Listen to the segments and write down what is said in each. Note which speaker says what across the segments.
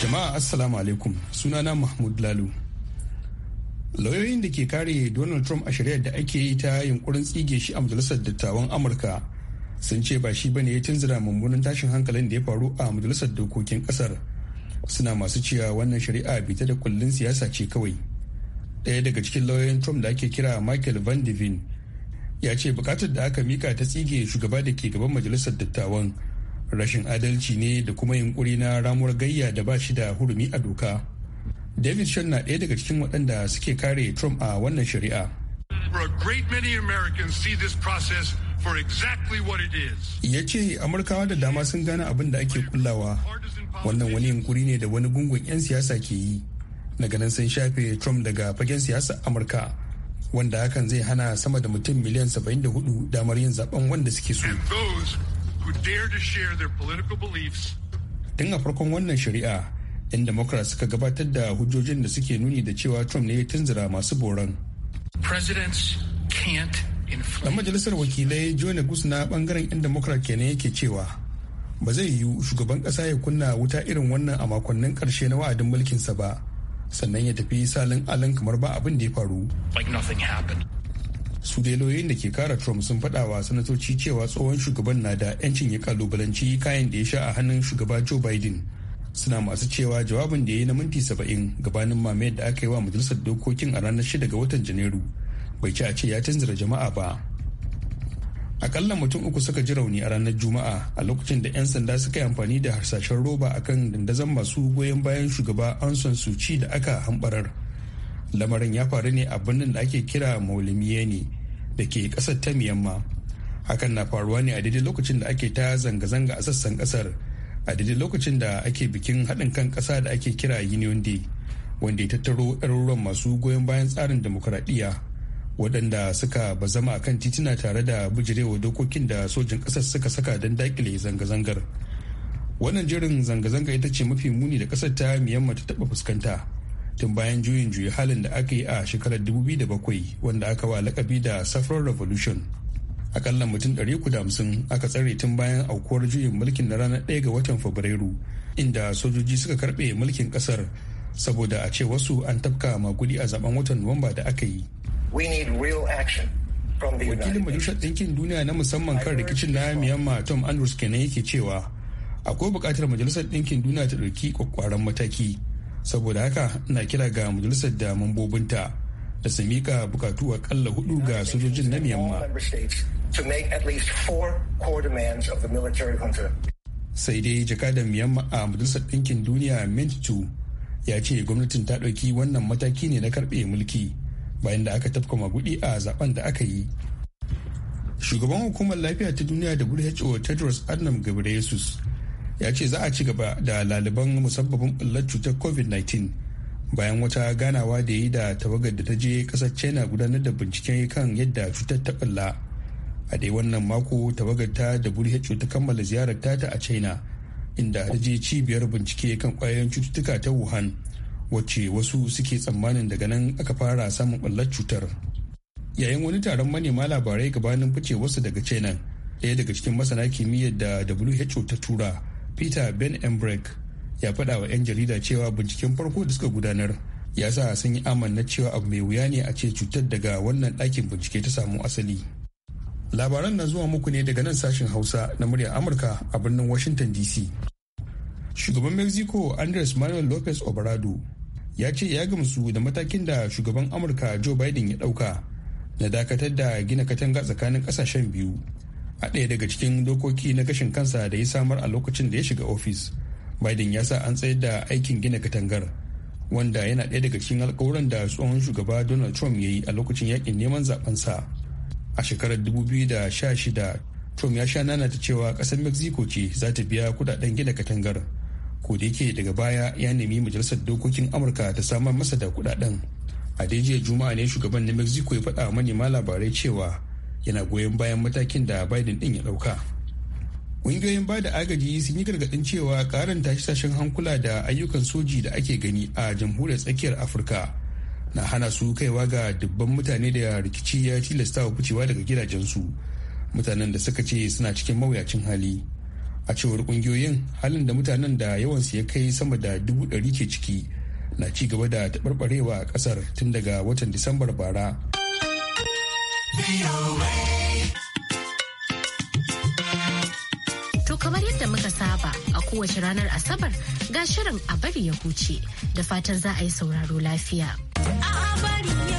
Speaker 1: Jama'a Assalamu alaikum sunana Mahmud Lalu. Lauyoyin da ke kare Donald Trump a shari'ar da ake yi ta yunkurin tsige shi a majalisar dattawan Amurka sun ce ba shi bane ya tunzura mummunan tashin hankalin da ya faru a majalisar dokokin kasar. Suna masu cewa wannan shari'a bita da kullun siyasa ce kawai. Ɗaya daga cikin lauyoyin Trump da ake kira Michael Van Devin ya ce bukatar da aka mika ta tsige shugaba da ke gaban majalisar dattawan rashin adalci ne da kuma yunkuri na ramuwar gayya da ba shi da hurumi a doka david shan na ɗaya daga cikin waɗanda suke kare trump a wannan shari'a ya ce amurkawa da dama sun gane abin da ake kullawa wannan wani yunkuri ne da wani gungun 'yan siyasa ke yi daga nan sun shafe trump daga fagen siyasa amurka wanda hakan zai hana sama da mutum miliyan 74 damar yin zaben wanda suke so
Speaker 2: who dare to share their political
Speaker 1: beliefs. Tun a farkon wannan shari'a, 'yan Democrats suka gabatar da hujjojin da suke nuni da cewa Trump ne ya tunzura masu boron.
Speaker 3: Presidents can't
Speaker 1: Dan majalisar wakilai Joe Gus na bangaren 'yan Democrat kenan yake cewa ba zai yiwu shugaban kasa ya kunna wuta irin wannan a makonnin karshe na wa'adin mulkinsa ba sannan ya tafi salin alin kamar ba abin da ya faru. su da ke kara trump sun faɗa wa sanatoci cewa tsohon shugaban na da 'yancin ya kalubalanci kayan da ya sha a hannun shugaba joe biden suna masu cewa jawabin da ya yi na minti saba'in gabanin mamayar da aka yi wa majalisar dokokin a ranar shida ga watan janairu bai ci a ce ya tanzara jama'a ba akalla mutum uku suka ji rauni a ranar juma'a a lokacin da 'yan sanda suka yi amfani da harsashen roba akan dandazon masu goyon bayan shugaba anson suci da aka hambarar lamarin ya faru ne a birnin da ake kira ne da ke kasar ta miyamma hakan na faruwa ne a daidai lokacin da ake ta zanga-zanga a sassan kasar a daidai lokacin da ake bikin haɗin kan ƙasa da ake kira union day wanda ya tattaro ɗaruruwan masu goyon bayan tsarin demokuraɗiyya waɗanda suka bazama a kan tituna tare da bijirewa dokokin da sojin ƙasar suka saka don daƙile zanga-zangar wannan jirin zanga-zanga ita ce mafi muni da ƙasar ta miyamma ta taɓa fuskanta tun bayan juyin juyi halin da aka yi a shekarar 2007 wanda aka wa lakabi da saffron revolution akalla mutum 350 aka tsare tun bayan aukuwar juyin mulkin na ranar 1 ga watan fabrairu inda sojoji suka karbe mulkin kasar saboda a ce wasu an tafka magudi a zaben watan nuwamba da aka yi wakilin majalisar ɗinkin duniya na musamman kan rikicin na miyamma tom andrews kenan yake cewa akwai buƙatar majalisar ɗinkin duniya ta ɗauki kwakwaran mataki saboda haka na kira ga majalisar da mambobinta da su mika bukatu a kalla hudu ga sojojin na miyamma sai dai jakadan miyamma a majalisar ɗinkin duniya 2 ya ce gwamnatin ta ɗauki wannan mataki ne na karɓe mulki bayan da aka tafka magudi a zaben da aka yi shugaban hukumar lafiya ta duniya da who tedros adnam ghebreyesus ya ce za a ci gaba da laliban musabbabin bullar cutar covid-19 bayan wata ganawa da yi da tawagar da ta je kasar china gudanar da bincike kan yadda cutar ta balla a dai wannan mako tawagar ta da who ta kammala ziyarar ta a china inda ta je cibiyar bincike kan kwayoyin cututtuka ta wuhan wacce wasu suke tsammanin daga nan aka fara samun bullar cutar yayin wani taron manema labarai gabanin ficewarsa daga china daya daga cikin masana kimiyyar da who ta tura peter ben embrek ya faɗa wa 'yan jarida cewa binciken farko da suka gudanar ya sa sun yi amanna cewa abu mai wuya ne a ce cutar daga wannan ɗakin bincike ta samu asali labaran na zuwa muku ne daga nan sashen hausa na muryar amurka a birnin washington dc shugaban mexico andres manuel lopez obrado ya ce ya gamsu da matakin da shugaban amurka joe biden ya ɗauka na dakatar da gina katanga tsakanin ƙasashen biyu a ɗaya daga cikin dokoki na gashin kansa da ya samar a lokacin da ya shiga ofis biden ya sa an tsayar da aikin gina katangar wanda yana ɗaya daga cikin alkawuran da tsohon shugaba donald trump ya yi a lokacin yakin neman sa. a shekarar dubu biyu da sha shida trump ya sha nana ta cewa ƙasar mexico ce za ta biya kudaden gina katangar ko da yake daga baya ya nemi majalisar dokokin amurka ta samar masa da kudaden a jiya juma'a ne shugaban na mexico ya faɗa manema labarai cewa yana goyon bayan matakin da biden din ya dauka ƙungiyoyin ba da agaji sun yi gargaɗin cewa ƙarin tashe-tashen hankula da ayyukan soji da ake gani a jamhuriyar tsakiyar afirka na hana su kaiwa ga dubban mutane da rikici ya tilasta wa ficewa daga gidajensu mutanen da suka ce suna cikin mawuyacin hali a cewar ƙungiyoyin halin da mutanen da yawansu ya kai sama da dubu ɗari ke ciki na ci gaba da taɓarɓarewa a ƙasar tun daga watan disambar bara
Speaker 4: To kamar yadda muka saba a kowace ranar Asabar ga shirin a bari ya huce da fatan za a yi sauraro lafiya.
Speaker 3: A bari ya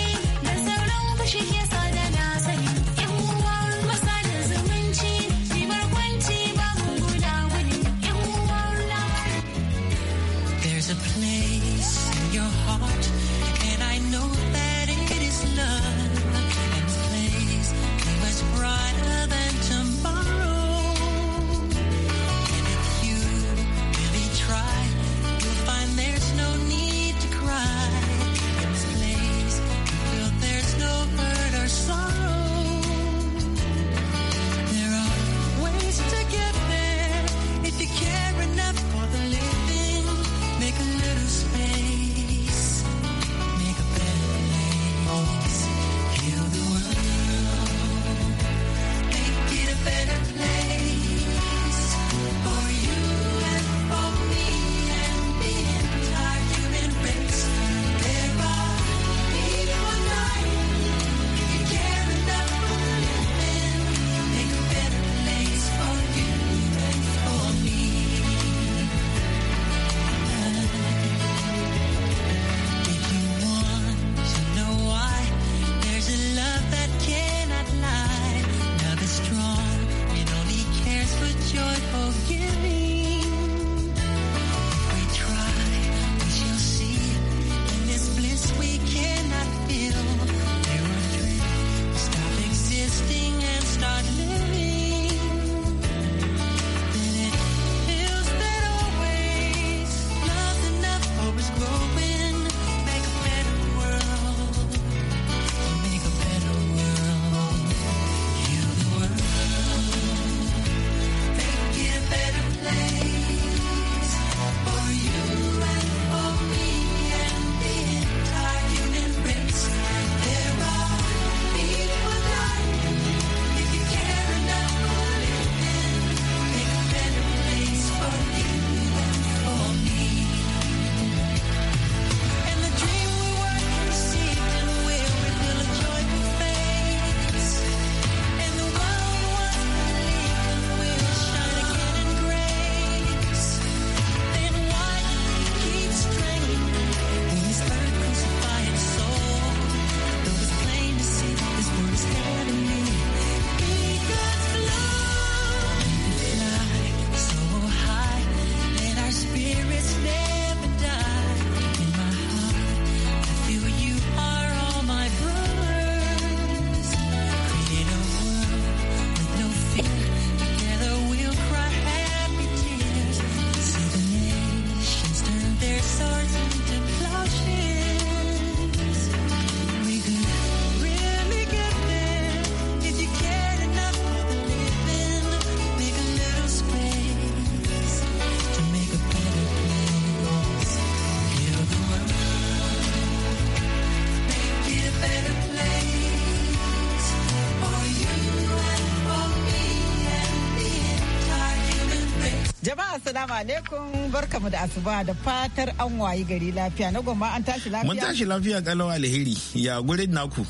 Speaker 5: alaikum barkamu da asuba da fatar an wayi gari lafiya na goma an tashi lafiya. Mun tashi
Speaker 6: lafiya kalawa alheri ya gurin naku.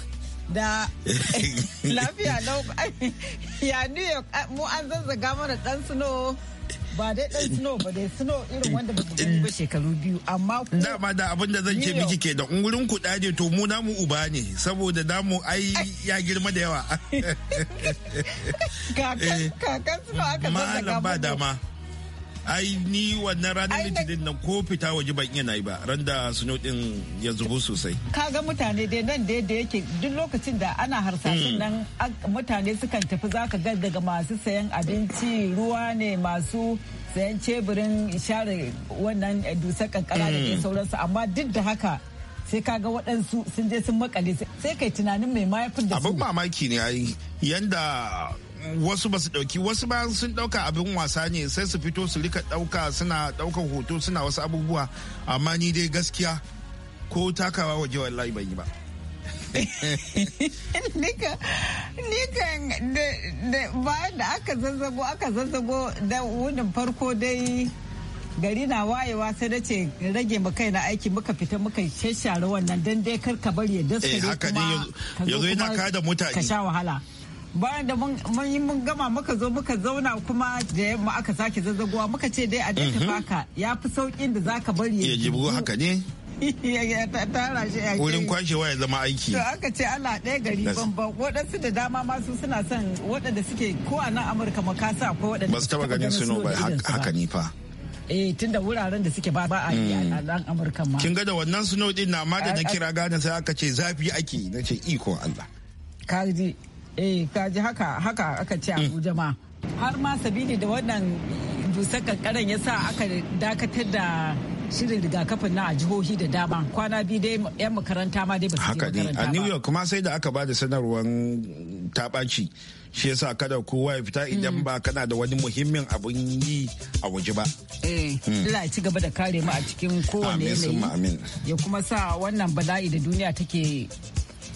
Speaker 6: da
Speaker 5: lafiya lau ya new york mu an zazzaga mana dan snow ba dai dan snow ba dai snow irin wanda ba gani ba shekaru
Speaker 6: biyu amma ku da abin da zan ce miki ke da ungurin ku dade to mu namu uba ne saboda damu ai ya girma da yawa kakan snow aka zazzaga ba ai ni wannan ranar litinin nan ko fita waje ban iya nayi ba ran da suno din ya zubo sosai
Speaker 5: kaga mutane dai nan dai da yake duk lokacin da ana harsashin mm. nan mutane sukan tafi zaka ga daga masu sayan abinci ruwa ne masu sayan ceburin share wannan eh, dusar kankara da ke mm. sauransu amma duk da haka sai kaga waɗansu sun je sun makale sai kai tunanin
Speaker 6: mai mayafin da su abin mamaki ne ai yanda wasu ba su dauki wasu ba sun dauka abin wasa ne sai su fito su rika dauka suna daukan hoto suna wasu abubuwa amma ni dai gaskiya ko takawa waje wallahi ban yi ba
Speaker 5: nika bayan da aka zazzago aka zazzago da wunin farko dai gari na wayewa sai da ce rage mu kai na aiki muka fita muka shashare wannan don dai kar ka bari ya eh, daskare kuma ka zo kuma ka sha wahala bayan da mun yi mun gama muka zo muka zauna kuma da yamma aka sake zazzaguwa muka ce dai a daita mhm. baka ya fi saukin da zaka bari ya jibu haka ne wurin kwashewa ya
Speaker 6: zama aiki to
Speaker 5: aka ce ana ɗaya gari banban waɗansu da dama masu suna son waɗanda suke ko a nan amurka kasa
Speaker 6: ko waɗanda ba su taɓa ganin su ba haka ni fa eh tunda wuraren da suke ba ba a yi a mm. nan amurka ma kin ga da wannan suno din na ma da na kira gane sai aka ce zafi ake na ce iko Allah
Speaker 5: kaji eh kaji haka haka aka ce mm. abuja ma har ma sabili da wannan dusar kankaran ya sa aka dakatar da shirin rigakafin na a jihohi da dama kwana biyu dai yan makaranta ma dai ba su haka ne a
Speaker 6: new york ma sai da aka ba da sanarwar taɓaci shi yasa kada kowa ya fita idan mm. ba kana da wani muhimmin abun yi a waje ba
Speaker 5: eh mm. Allah ya ci gaba da kare mu a cikin kowane yanayi ya kuma sa wannan bala'i da duniya take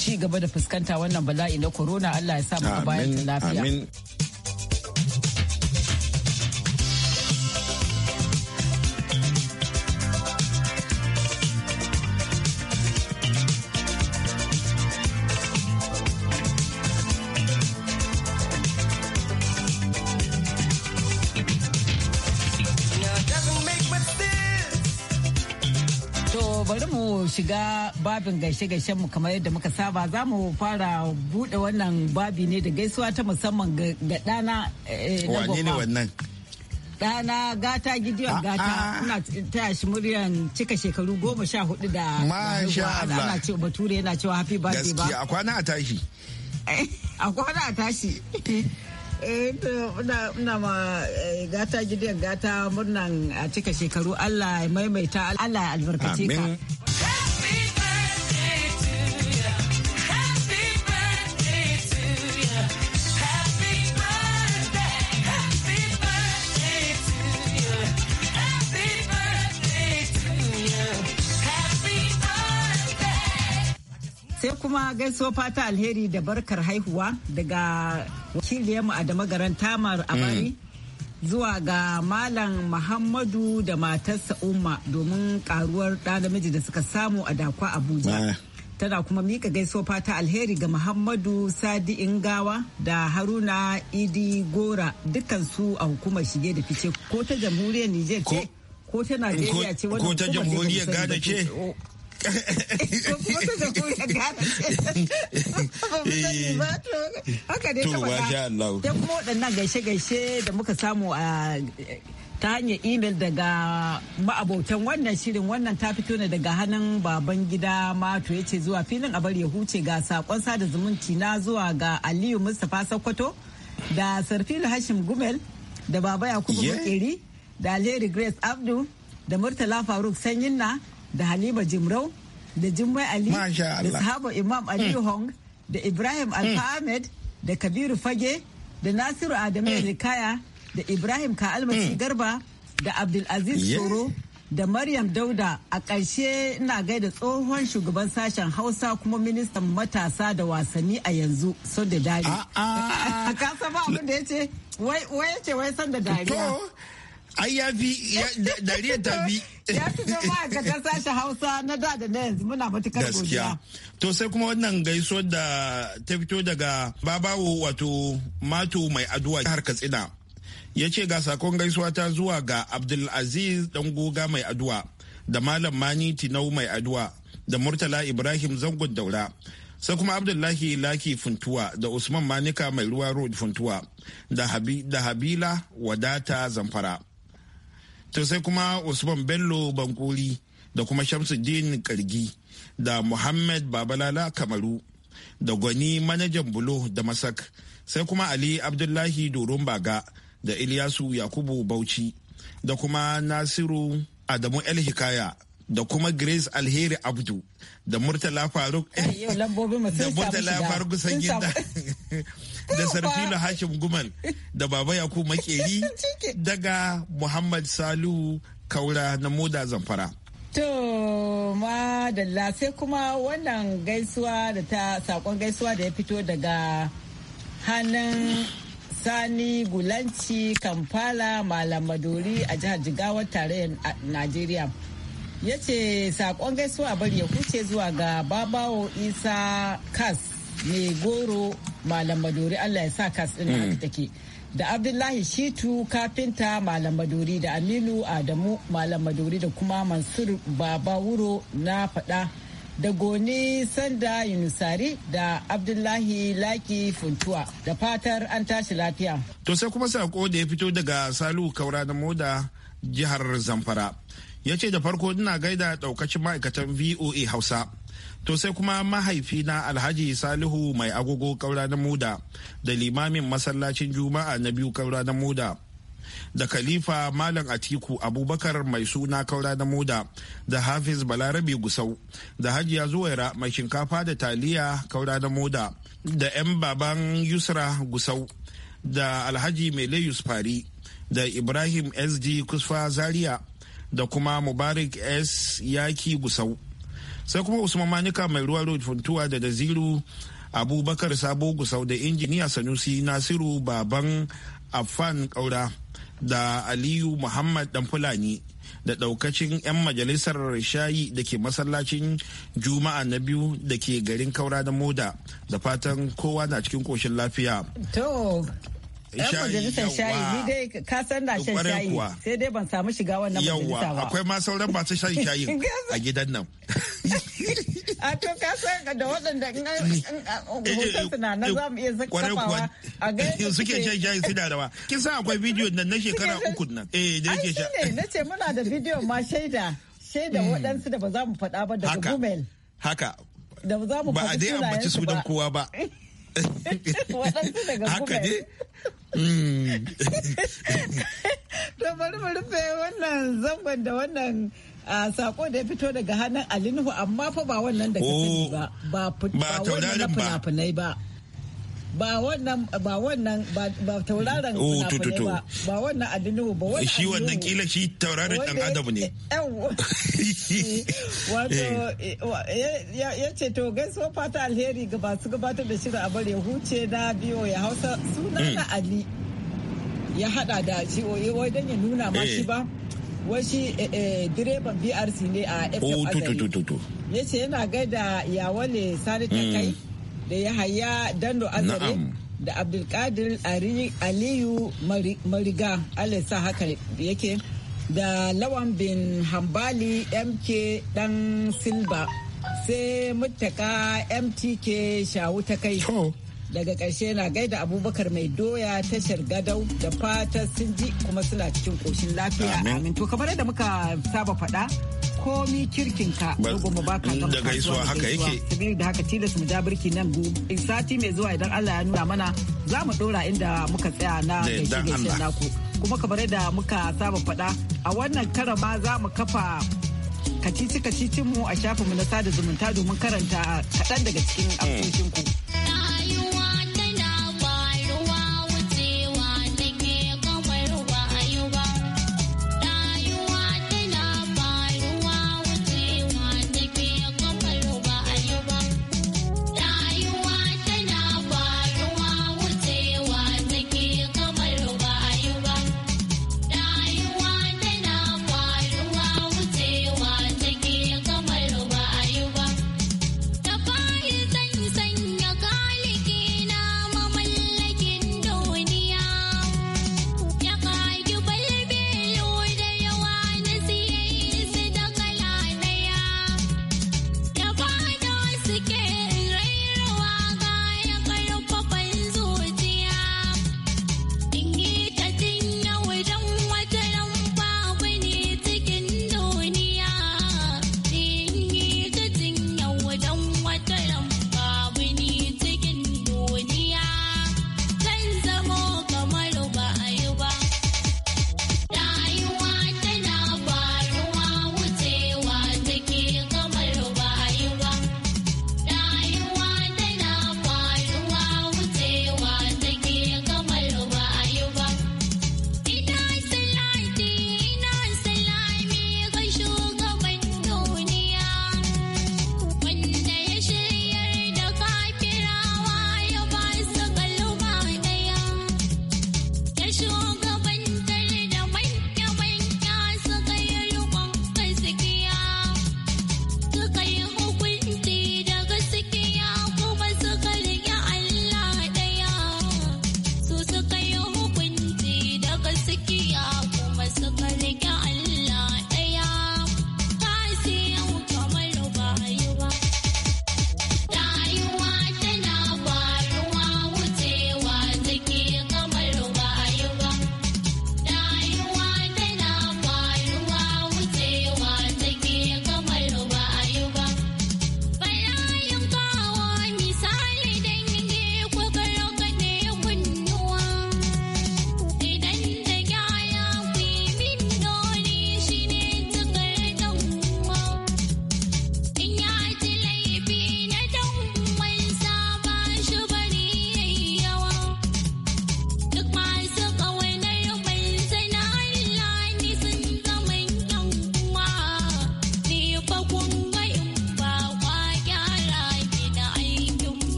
Speaker 5: ci gaba da fuskanta wannan bala'i na corona Allah ya sa muku bayan lafiya. shiga babin gaishe-gaishen mu kamar yadda muka saba za mu fara bude wannan babi ne da gaisuwa ta musamman ga dana. Eh, wane ne wannan dana gata gidiyon ah, gata ah. ina taya shi muryan cika shekaru goma sha hudu da masha Allah ana ce bature yana cewa happy birthday ba gaskiya a kwana a tashi a kwana a tashi eh, ina ma eh, gata gidiyon gata murnan a cika shekaru Allah ya maimaita
Speaker 4: Allah ya albarkace ka
Speaker 5: sai kuma gaisuwa fata alheri da barkar haihuwa daga wakiliyarmu a damagaran tamar abari mm. zuwa ga malam muhammadu da matarsa umma domin karuwar ɗa namiji da suka samu a dakwa abuja ah. tana kuma mika gaisuwa fata alheri ga muhammadu sadi ingawa da haruna idi gora su a hukumar shige da fice ko ta jamhuriyar niger ce ko ta najeriya ce jamhuriyar ce da kuma waɗannan gaishe-gaishe da muka samu a ta hanyar imel daga ma'abotan wannan shirin wannan ta fito ne daga hannun baban gida mato ya ce zuwa filin abar ya huce ga sakon sada zumunci na zuwa ga aliyu mustapha sokoto da sarfilu hashim gumel da baba yakubu makeri da leri grace abdu da murtala faruk sanyinna da halima jimrau da jimmai ali da sahaba imam ali hmm. hong da ibrahim hmm. alfahamed da kabiru fage da nasiru adamu rikaya. Hmm. da ibrahim ka'almasi garba da abdulaziz soro da maryam dauda a ƙarshe ina gaida tsohon shugaban sashen hausa kuma ministan matasa da wasanni a yanzu So da dari a kasa ba abin da ya ce wai ya ce wai son da dariya ai ya fi dariyar ta fi ya fi ma'aikatar sashen hausa na da da na yanzu muna matukar gaskiya
Speaker 6: to sai kuma wannan gaisuwar da ta fito daga babawo wato mato mai aduwa har katsina ya ce ga sakon gaisuwa ta zuwa ga abdulaziz dan goga mai aduwa da malam mani tinau mai aduwa da murtala ibrahim zangon daura sai kuma abdullahi laki funtuwa da usman manika mai ruwa road funtuwa da habila wadata zamfara to sai kuma usman bello bankuri da kuma shamsuddin kargi da muhammad babalala kamaru da gwani manajan bulo da masak sai kuma ali abdullahi doron baga da ilyasu yakubu bauchi da kuma nasiru adamu el hikaya da kuma grace alheri abdu da murtala faruk
Speaker 5: da murtala faruk sanyin
Speaker 6: da sarfila hashim gumal da baba yakubu makeri daga muhammad salu kaura na moda zamfara
Speaker 5: To madalla sai kuma wannan gaisuwa da ta sakon gaisuwa da ya fito daga hannun sani gulanci kampala malam maduri a jihar jigawar tarayyar najeriya ya ce sakon gaisuwa bari ya huce zuwa ga babawo isa kas mai goro malam madori allah ya sa kas din da mm. ke da abdullahi shitu kafinta malam madori da aminu adamu malam madori da kuma mansur baba wuro na faɗa da goni sanda yunusari da abdullahi laki funtuwa da fatar an tashi lafiya
Speaker 6: to sai kuma sako da ya fito daga salu kaura na moda jihar zamfara ya ce da farko ina gaida daukacin ma'aikatan voa hausa To sai kuma na Alhaji Salihu mai agogo kaura na muda da limamin masallacin Juma'a na biyu kaura na muda. Da Khalifa Malam Atiku Abubakar mai suna kaura na muda da Hafiz Balarabe Gusau da Hajiya Zuwaira mai shinkafa da taliya kaura na muda da 'yan baban Yusra Gusau da Alhaji Meleus Fari da Ibrahim SD Kusfa Zaria da kuma Mubarak S Yaki Gusau. sai kuma usman manika mai ruwa funtuwa da daziru abubakar sabo gusau da injiniya sanusi nasiru baban afan kaura da aliyu muhammad dan fulani da daukacin 'yan majalisar shayi da ke masallacin juma'a na biyu da ke garin kaura da moda da fatan kowa na cikin koshin lafiya 'yan majalisar shayi ni dai
Speaker 5: ka san na shan shayi sai dai ban samu shiga wannan ba akwai ma sauran masu shan shayi a gidan nan a to ka san da waɗanda hoton suna na za mu iya kafawa
Speaker 6: a ga suke shan shayi suna rawa kin san akwai bidiyo nan na shekara uku nan eh da yake sha
Speaker 5: na ce muna da bidiyo ma shaida shaida hmm. waɗansu da ba za mu faɗa ba daga gumel haka da ba za mu faɗi sunayensu ba a dai ambaci sunan kowa ba haka To bari mu rufe wannan zangon da wannan sako da ya fito daga hannun Alinuhu amma fa ba wannan da ka sani ba ba wannan na fina-finai ba. ba wannan ba wannan ba tauraron kunafunai oh, ba ba wannan adinu ba wannan shi wannan kila
Speaker 6: shi tauraron dan adam ne
Speaker 5: wato eh. Eh, ya ce to gaisuwa fata alheri ga basu gabatar da shirin a bare huce na biyo ya hausa suna na mm. ali ya hada da shi wai dan ya nuna ma shi eh. ba shi direban brc ne a fm oh, ya ce yana gaida yawale sani mm. kai. da Yahaya Dando Azare. da abdulkadir aliyu mariga alisa haka yake da lawan bin hambali mk dan silba sai mutaka mtk shawu ta kai daga ƙarshe na gaida abubakar mai doya tashar gadau da fata sun ji kuma suna cikin ƙoshin lafiya amin to kamar yadda muka saba faɗa komi kirkin ka. mu baka gama da gaisuwa haka yake sabili da haka tilas mu ja birki nan sati mai zuwa idan Allah ya nuna mana za mu dora inda muka tsaya na gaishe naku kuma kamar da muka saba faɗa a wannan karama za mu kafa kacici kacicin mu a shafin mu na sada zumunta domin karanta kaɗan daga cikin mm. amsoshin ku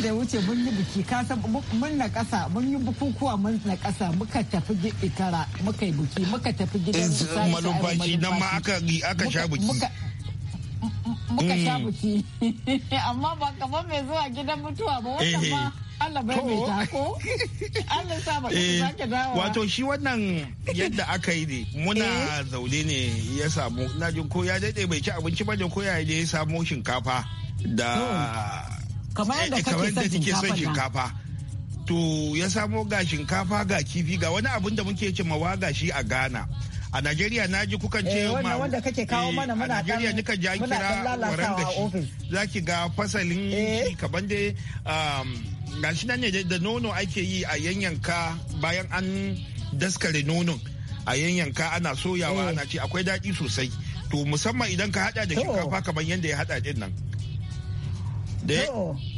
Speaker 5: da ya wuce mun yi biki kasa mun na kasa mun yi bukukuwa mun na kasa muka tafi itara muka yi biki muka tafi gidan malumfashi nan ma aka sha biki muka sha biki mm. amma ba kamar mai zuwa gidan mutuwa ba wannan eh. ma Allah bai mai tako Allah sa ba eh, dawo wato
Speaker 6: shi wannan yadda aka yi ne muna eh? zaune ne ya samu na jin ko ya daidai bai ci abinci ba da ko ya je ya samo shinkafa da kamar yadda eh, kake son shinkafa to ya samo ga shinkafa ga kifi ga wani abin da muke ce mawa shi a Ghana a Najeriya na ji kukan eh, ce ma wanda kake kawo eh, mana muna a Najeriya nika ja kira waran shi zaki ga fasalin shi kaban dai um, gashi nan ne da nono ake yi a yanyanka bayan an daskare nonon a yanyanka ana soyawa ana ce akwai daɗi sosai to musamman idan ka hada da shinkafa kamar yadda ya hada din nan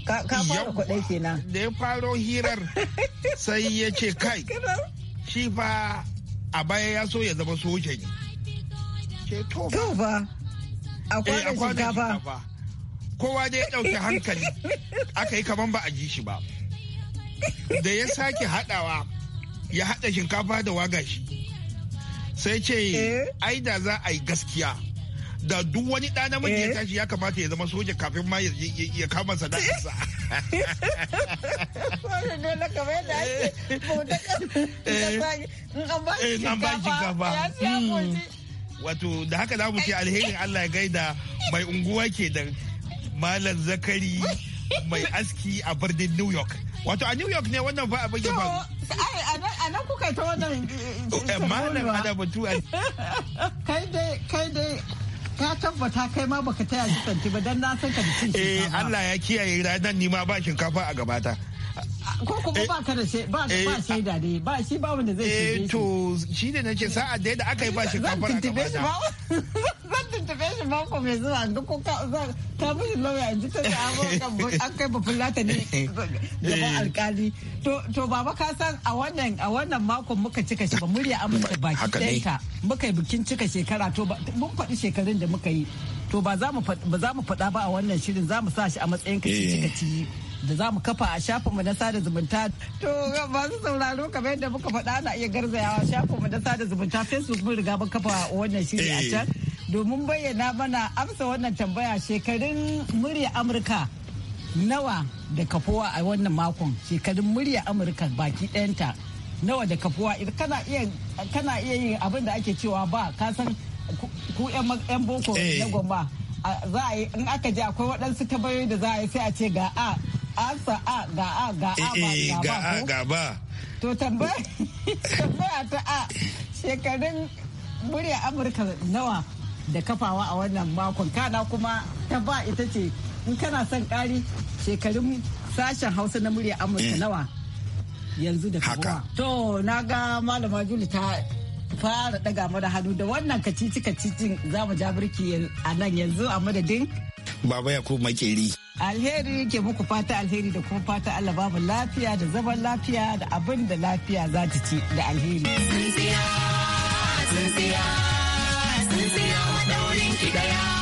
Speaker 6: ka fara da ya faro hirar sai ya ce kai shi fa a baya ya so ya zama soja ne ce to ba
Speaker 1: eh, a kwanan shinkafa
Speaker 6: kowa da ya ɗauki hankali aka yi kaman ba a ji shi ba da ya sake haɗawa ya haɗa shinkafa da waga shi sai ce eh. ai da za a yi gaskiya da duk wani ɗa namiji ya eh. tashi ya kamata ya zama soja kafin ma ya kama sadakarsa.
Speaker 5: Soja dole kamar yadda ake
Speaker 6: eh. bauta
Speaker 5: eh. in an ba shinkafa. Hmm.
Speaker 6: Wato da haka za mu ce alherin Allah ya gaida mai unguwa ke da Malam Zakari mai aski a birnin New York. Wato a New York ne wannan ba abin ya faru.
Speaker 5: A nan kuka ta wannan. Malam
Speaker 6: Adabatu. Kai dai ka tabbata kai ma baka taya shi santi ba dan na san ka da cin Eh Allah ya kiyaye ranar ni ba shinkafa a gabata. ko kuma eh, ba ka da ba ba eh, shaida dai ba shi ba wanda zai eh, shige shi to shi ne nake sa'a da yadda aka yi ba shi a ka ba zan tuntube shi ba ko
Speaker 5: mai zuwa ga ko ka ta mishi lauya in ji ta an kai
Speaker 6: babban lata ne
Speaker 5: gaban alkali to baba ka san a wannan a wannan makon muka cika shi ba murya amurka baki ɗayanta muka yi bikin cika shekara to mun faɗi shekarun da muka yi to ba za mu faɗa ba a wannan shirin za mu sa shi a matsayin kaci kaci da za mu kafa a shafinmu na sada zumunta. To masu sauraro kamar yadda muka faɗa na iya garzayawa shafinmu na sada zumunta Facebook mun riga mun kafa wannan shiri a eh. can. Domin bayyana mana amsa wannan tambaya shekarun murya Amurka nawa da kafowa a wannan makon shekarun murya Amurka baki ɗayanta nawa da kafowa kana iya kana iya yin abin da ake cewa ba ka san ku 'yan boko na eh. gomba za a yi in aka je akwai waɗansu tabayoyi da za a yi sai a ce ga a ansa a ga a ga a ba eh, ga a ga ba to tambaya ta a shekarun murya amurka nawa da kafawa a wannan makon kana kuma ta ba ita ce in kana son kari shekarun sashen hausa na murya amurka eh. nawa yanzu da kafawa to na ga malama juli ta fara daga mana hannu da wannan kacici kacicin za mu ja birki a nan yanzu a madadin
Speaker 6: Baba Yakub Makeri.
Speaker 5: Alheri ke muku fata alheri da kuma fata Allah babu lafiya da zaman lafiya da abin da lafiya za ta ci da alheri. Tsintsiya,
Speaker 3: tsintsiya, wa daurin ki